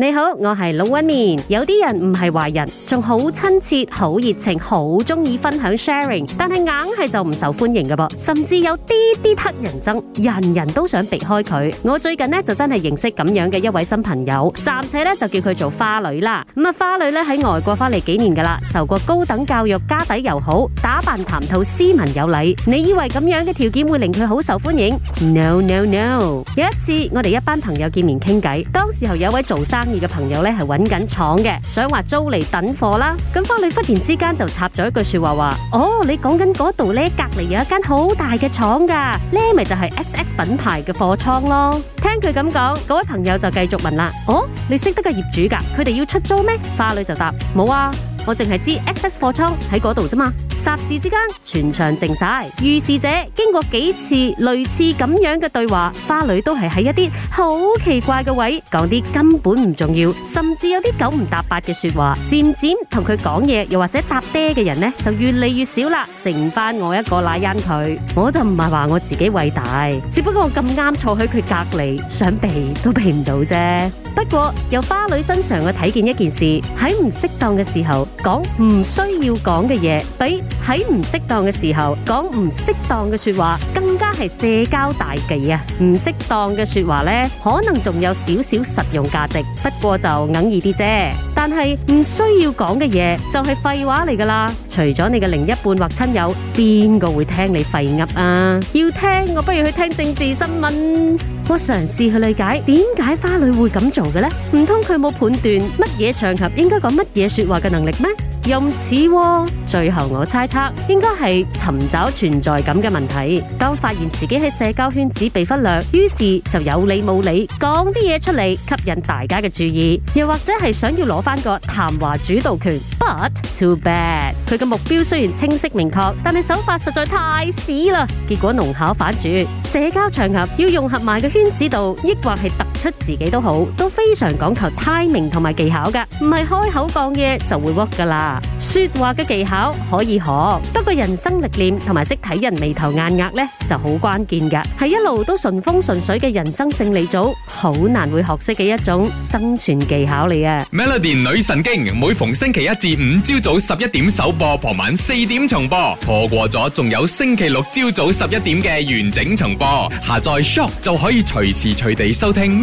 你好，我係老温面。有啲人唔係壞人，仲好親切、好熱情、好鍾意分享 sharing，但係硬係就唔受歡迎嘅噃，甚至有啲啲黑人憎，人人都想避開佢。我最近呢，就真係認識咁樣嘅一位新朋友，暫且呢，就叫佢做花女啦。咁、嗯、啊，花女呢喺外國返嚟幾年㗎喇，受過高等教育，家底又好，打扮談吐斯文有禮。你以為咁樣嘅條件會令佢好受歡迎？No No No！有一次我哋一班朋友見面傾偈，當時候有位做生意。嘅朋友咧係揾緊廠嘅，想話租嚟等貨啦。咁花女忽然之間就插咗一句說話：話哦，你講緊嗰度咧，隔籬有一間好大嘅廠噶，呢咪就係 X X 品牌嘅貨倉咯。聽佢咁講，嗰位朋友就繼續問啦：哦，你識得個業主噶？佢哋要出租咩？花女就答：冇啊，我淨係知 X X 貨倉喺嗰度啫嘛。霎時之間，全場靜晒。預示者經過幾次類似咁樣嘅對話，花女都係喺一啲好奇怪嘅位講啲根本唔重要，甚至有啲九唔搭八嘅說話。漸漸同佢講嘢又或者搭嗲嘅人呢，就越嚟越少啦。剩翻我一個喇，因佢，我就唔係話我自己偉大，只不過我咁啱坐喺佢隔籬，想避都避唔到啫。不過由花女身上我睇見一件事：喺唔適當嘅時候講唔需要講嘅嘢，俾。喺唔適當嘅時候講唔適當嘅說話，更加係社交大忌啊！唔適當嘅說話呢，可能仲有少少實用價值，不過就硬耳啲啫。但係唔需要講嘅嘢就係、是、廢話嚟噶啦。除咗你嘅另一半或親友，邊個會聽你廢噏啊？要聽，我不如去聽政治新聞。我嘗試去理解點解花女會咁做嘅呢？唔通佢冇判斷乜嘢場合應該講乜嘢說話嘅能力咩？用此窩，最後我猜測應該係尋找存在感嘅問題。當發現自己喺社交圈子被忽略，於是就有理冇理講啲嘢出嚟，吸引大家嘅注意，又或者係想要攞返個談話主導權。But too bad，佢嘅目標雖然清晰明確，但係手法實在太屎啦。結果弄巧反拙，社交場合要融合埋個圈子度，抑或係？出自己都好都非常講求 timing 同埋技巧噶，唔係開口講嘢就會 work 噶啦。說話嘅技巧可以學，不過人生歷練同埋識睇人眉頭眼額呢就好關鍵噶，係一路都順風順水嘅人生勝利組好難會學識嘅一種生存技巧嚟嘅。Melody 女神經每逢星期一至五朝早十一點首播，傍晚四點重播，錯過咗仲有星期六朝早十一點嘅完整重播。下載 Syok 就可以隨時隨地收聽。